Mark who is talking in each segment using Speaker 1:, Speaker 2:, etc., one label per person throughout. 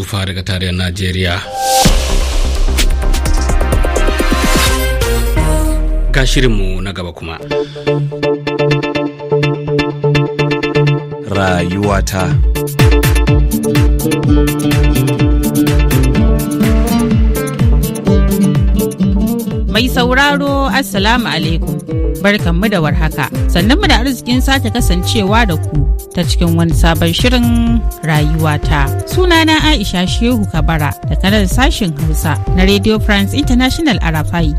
Speaker 1: tufa daga tarihin Najeriya. Ga shirinmu na gaba kuma. Rayuwata
Speaker 2: Mai sauraro Assalamu alaikum barkanmu da warhaka sannan mu da arzikin sake kasancewa da ku ta cikin wani sabon shirin rayuwa ta sunana aisha shehu kabara daga nan sashen hausa na radio france international arafai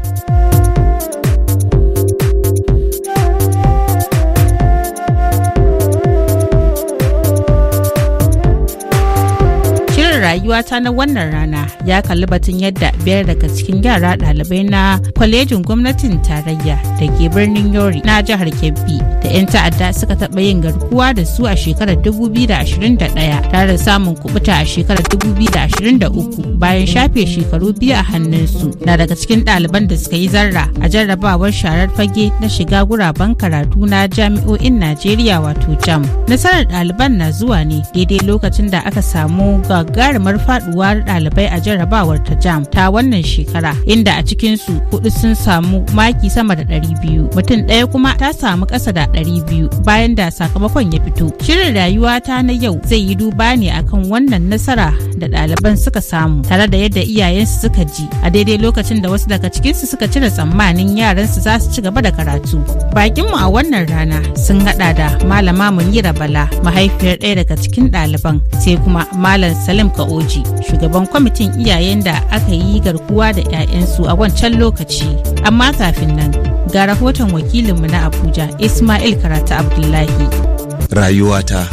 Speaker 2: rayuwata na wannan rana ya kalli batun yadda biyar daga cikin yara ɗalibai na kwalejin gwamnatin tarayya da ke birnin Yori na jihar Kebbi da 'yan ta'adda suka taɓa yin garkuwa da su a shekarar 2021 tare da samun kubuta a shekarar 2023 bayan shafe shekaru biyu a hannun su na daga cikin ɗaliban da suka yi zarra a jarrabawar sharar fage na shiga guraben karatu na jami'o'in Najeriya wato jam. Nasarar ɗaliban na zuwa ne daidai lokacin da aka samu gagarumin kamar faduwar ɗalibai a jarabawar ta jam ta wannan shekara inda a cikin su hudu sun samu maki sama da 200 mutum ɗaya kuma ta samu ƙasa da 200 bayan da sakamakon ya fito shirin rayuwa ta na yau zai yi duba ne akan wannan nasara da ɗaliban suka samu tare da yadda iyayensu suka ji a daidai lokacin da wasu daga cikinsu suka cire tsammanin yaransu za su ci gaba da karatu mu a wannan rana sun hada da malama munira bala mahaifiyar ɗaya daga cikin ɗaliban sai kuma malam salim Ka'u. Oji, shugaban kwamitin iyayen da aka yi garkuwa da 'ya'yansu a wancan lokaci. Amma kafin nan, ga rahoton wakilinmu na Abuja, Ismail Karatu Abdullahi.
Speaker 1: Rayuwata.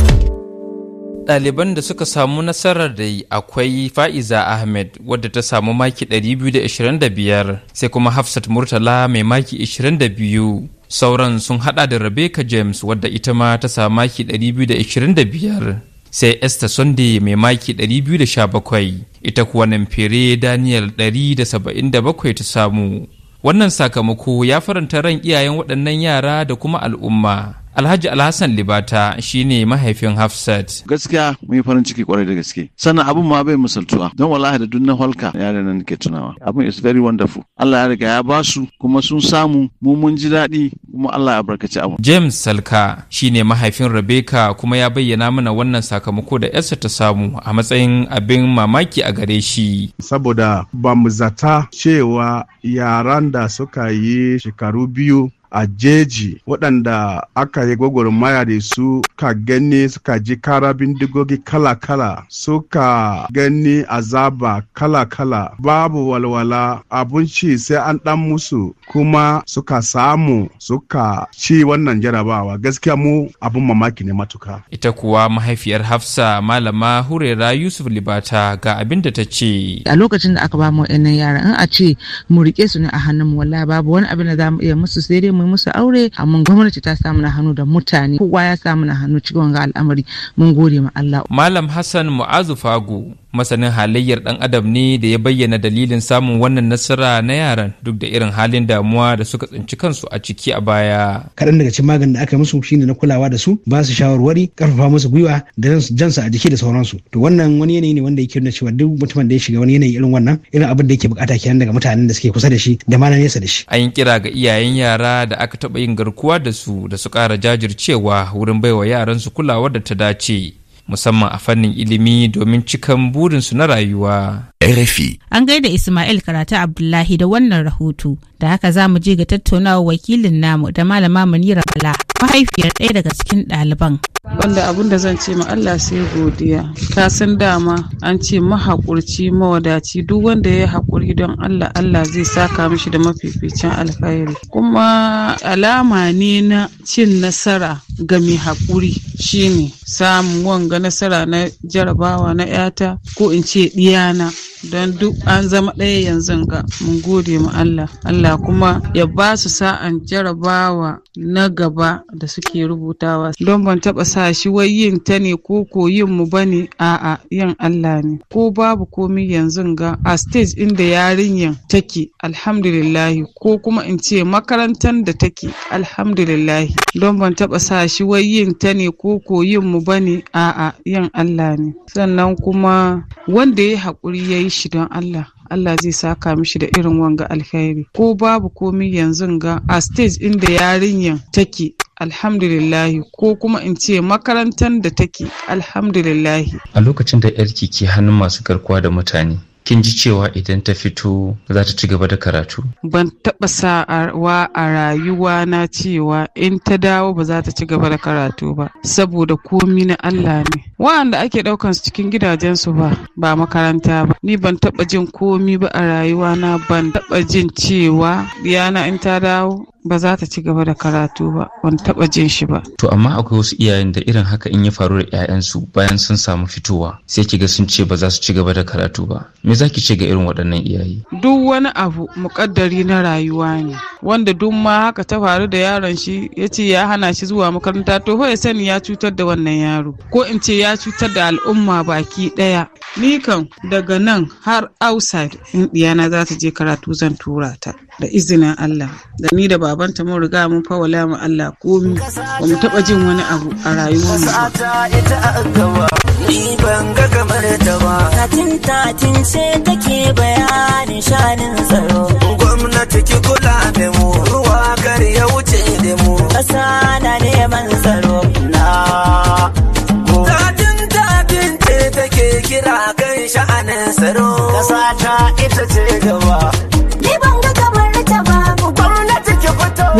Speaker 1: Ɗaliban da suka samu nasarar da akwai Fa'iza Ahmed wadda ta samu maki 225 sai kuma Hafsat Murtala mai maki 22. sauran sun hada da rebecca james wadda ita ma ta samu maki 225 sai esther sunday mai maki 217 ita kuwa nan fere daniel 177 ta samu wannan sakamako ya faranta ran iyayen waɗannan yara da kuma al'umma Alhaji Alhassan Libata shi ne mahaifin Hafsat.
Speaker 3: Gaskiya mun yi farin ciki kwarai da gaske.
Speaker 1: Sannan abin ma bai
Speaker 3: misaltuwa don wallahi da halka ya da nan ke tunawa. Abin is very wonderful. Allah ya riga ya basu
Speaker 1: kuma sun samu mu mun ji daɗi kuma Allah ya barkaci abu. James Salka shi ne mahaifin Rebecca kuma ya bayyana mana wannan sakamako da yarsa ta samu a matsayin abin mamaki a gare shi.
Speaker 4: Saboda ba mu zata cewa yaran da suka yi shekaru biyu a jeji waɗanda aka yi gwagwarmaya da su ka gani suka ji kara bindigogi kala-kala suka gani azaba kala-kala babu walwala abinci sai an ɗan musu kuma suka samu suka ci wannan jarabawa gaskiya mu abin mamaki ne matuka.
Speaker 1: Ita kuwa mahaifiyar Hafsa malama Hurera Yusuf Libata ga abin da ta ce.
Speaker 2: A lokacin da aka ba mu yaran in a ce mu riƙe su ne a hannun mu wallahi babu wani abin da za mu iya musu sai dai mu musu aure amma gwamnati ta samu na hannu da mutane kowa ya samu na hannu cikin wanga al'amari mun gode ma Allah
Speaker 1: malam Hassan Mu'azu fagu masanin halayyar ɗan adam ne da ya bayyana dalilin samun wannan nasara na yaran duk da irin halin damuwa da suka tsinci kansu a ciki a baya.
Speaker 4: Kaɗan daga cikin maganin da aka musu shine na kulawa da su ba su shawarwari ƙarfafa musu gwiwa da jansa a jiki da sauransu. To wannan wani yanayi ne wanda yake nuna cewa duk mutumin da ya shiga wani yanayi irin wannan irin abin da yake bukata kenan daga mutanen da suke kusa da shi da mana na nesa da shi.
Speaker 1: An yi kira ga iyayen yara da aka taɓa yin garkuwa da su da su ƙara jajircewa wurin baiwa yaran su kulawar da ta dace. musamman a fannin ilimi domin cikan burinsu na rayuwa. RFI.
Speaker 2: An gaida Ismail Karatu Abdullahi da wannan rahoto, da haka za mu je ga tattaunawa wakilin namu da malama Munira Bala, mahaifiyar ɗaya daga cikin ɗaliban.
Speaker 3: Wanda abin da zan ce ma Allah sai godiya,
Speaker 2: ka san dama an ce
Speaker 3: mahaƙurci mawadaci duk wanda ya haƙuri don Allah Allah zai saka mishi da mafificin alkhairi. Kuma alama ne na cin nasara ga mai haƙuri. shine samun wanga nasara na jarabawa na 'yata ko in ce diyana don duk an zama ɗaya yanzu ga mun gode mu Allah Allah kuma ya ba su sa'an jarabawa na gaba da suke rubutawa don ban taba sa shi wai yin ta ne ko ko yin mu bane a'a yin Allah ne ko babu komai yanzu ga a stage inda yarinyan take alhamdulillahi ko kuma in ce makarantar da take alhamdulillahi don ban taɓa sa shi wai yin ta ne ko ko yin mu bane a'a yin Allah ne sannan kuma wanda ya haƙuri yayi shi don Allah Allah zai saka mishi da irin wanga alkhairi ko babu komi yanzu ga a stage inda yarinyan take alhamdulillahi ko kuma in ce makarantar da take alhamdulillahi
Speaker 1: a lokacin da yarki ke hannun masu garkuwa da mutane kin ji cewa idan ta fito za ta ci gaba da karatu?
Speaker 3: Ban taɓa sa'awa a rayuwa na cewa in ta dawo ba za ta ci gaba da karatu ba, saboda komi na Allah ne. Wa'anda ake ɗaukan su cikin gidajensu ba, ba makaranta ba. Ni ban taɓa jin komi ba a rayuwa na ban taɓa jin cewa yana in ta dawo ba za ta ci gaba da karatu ba ban taba jin shi ba
Speaker 1: to amma akwai wasu iyayen da irin haka in ya faru da ƴaƴansu bayan sun samu fitowa sai kiga sun ce ba za su ci gaba da karatu ba me za ki ce ga irin waɗannan iyaye
Speaker 3: duk wani abu muƙaddari na rayuwa ne wanda duk ma haka ta faru da yaron shi ya ce ya hana shi zuwa makaranta to ya sani ya cutar da wannan yaro ko in ce ya cutar da al'umma baki ɗaya ni kan daga nan har outside in ɗiyana za ta je karatu zan tura ta da izinin Allah da ni da babanta mun riga mun fawala mu Allah komi ba mu taba jin wani abu a rayuwar
Speaker 4: mu ni ban ga kamar ba tatin
Speaker 2: tatin ce take bayanin shanin tsaro gwamnati ki kula da mu ruwa kar ya wuce da mu kasa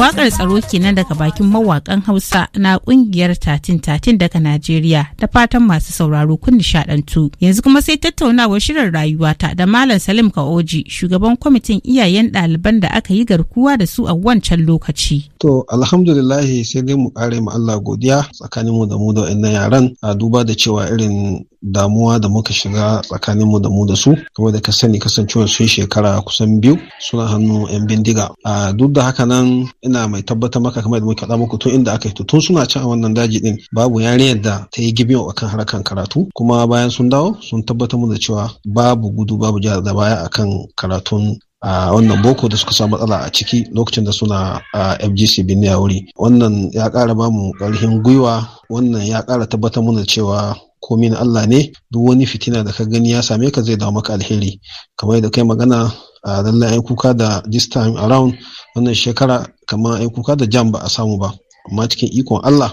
Speaker 2: waƙar tsaro kenan daga bakin mawakan Hausa na kungiyar Tatin Tatin daga Najeriya da fatan masu sauraro kun nishadantu. Yanzu kuma sai tattaunawar shirin rayuwata da Malam Salim Kaoji, shugaban kwamitin iyayen ɗaliban da aka yi garkuwa da su a wancan lokaci.
Speaker 4: To, alhamdulillah sai dai mu kare mu Allah godiya tsakanin mu da mu da yaran a duba da cewa irin damuwa da muka shiga tsakanin tsakaninmu da mu da su kuma da ka sani kasancewar sun shekara kusan biyu suna hannu yan bindiga a duk da haka nan ina mai tabbatar maka kamar da muke da muku tun inda aka yi tun suna can a wannan daji din babu yarinyar da ta yi gibin akan harkan karatu kuma bayan sun dawo sun tabbatar mu da cewa babu gudu babu jihar da baya akan karatun a wannan boko da suka samu matsala a ciki lokacin da suna a fgc birni a wuri wannan ya ƙara bamu ƙarfin gwiwa wannan ya kara tabbatar mana cewa komi na Allah ne duk wani fitina da ka gani ya same ka zai dawo maka alheri kamar da kai magana a lallai ai kuka da this time around wannan shekara kamar ai kuka da jam ba a samu ba amma cikin ikon Allah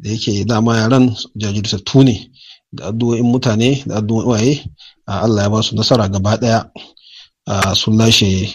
Speaker 4: da yake dama yaran jajirtattu Tuni. da addu'o'in mutane da addu'o'in waye Allah ya ba su nasara gaba daya sun lashe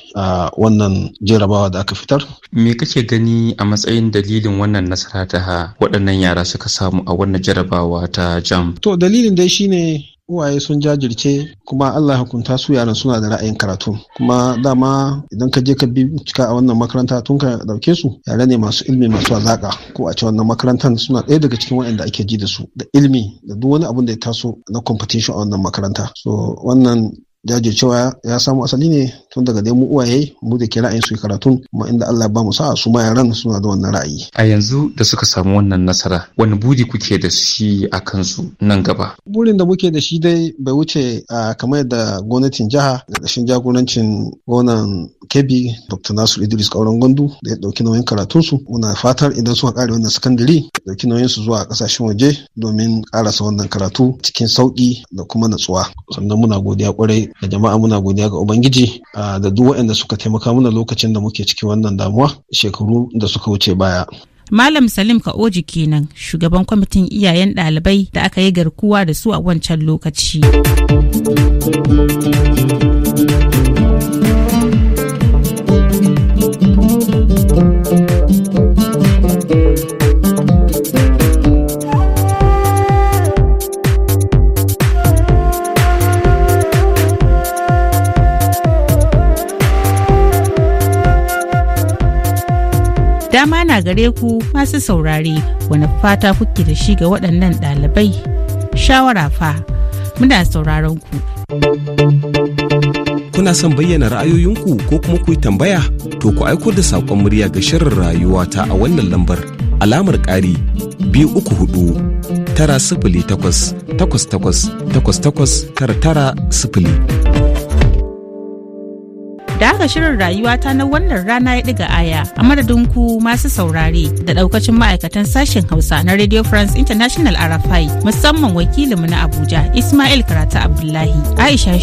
Speaker 4: wannan jarabawa da aka fitar.
Speaker 1: Me kake gani a matsayin dalilin wannan nasara ta waɗannan yara suka samu a wannan jarabawa ta jam?
Speaker 4: To dalilin dai shine uwaye sun jajirce kuma Allah hukunta su yaran suna da ra'ayin karatu kuma dama idan ka je ka bi cika a wannan makaranta tun ka dauke su yare ne masu ilmi masu azaka ko a ce wannan makarantar suna ɗaya daga cikin waɗanda ake ji da su da ilmi da duk wani abun da ya taso na competition a wannan makaranta so wannan jajircewa ya samu asali ne tun daga dai mu uwaye mu da ke ra'ayin su karatun kuma inda Allah ba mu sa su ma yaran suna da wannan ra'ayi
Speaker 1: a yanzu da suka samu wannan nasara wani buri kuke da shi a kansu nan gaba
Speaker 4: burin da muke da shi dai bai wuce a kamar da gwamnatin jiha da shin jagorancin gwamnan Kebbi Dr. Nasir Idris Kauran Gwandu da ya dauki nauyin su muna fatar idan suka kare wannan sakandare dauki nauyin su zuwa kasashen waje domin karasa wannan karatu cikin sauki da kuma natsuwa sannan muna godiya kwarai da jama'a muna godiya ga ubangiji da duk waɗanda suka taimaka mana lokacin da muke cikin wannan damuwa shekaru da suka wuce baya
Speaker 2: Malam Salim Ka'oji kenan shugaban kwamitin iyayen ɗalibai da aka yi garkuwa da su a wancan lokaci. gare ku masu saurare wani fata kuke da shi ga waɗannan ɗalibai. Shawara fa, muna sauraron ku.
Speaker 4: Kuna son bayyana ra'ayoyinku ko kuma ku yi tambaya? To ku aiko da saƙon murya ga shirin rayuwa ta a wannan lambar alamar ƙari biyu uku hudu tara sifili takwas takwas takwas takwas takwas tara tara sifili.
Speaker 2: da aka shirin rayuwata na wannan rana ya ɗiga aya a madadin ku masu saurare da ɗaukacin ma'aikatan sashen hausa na radio france international arafai musamman wakilinmu na abuja ismail karata abdullahi aisha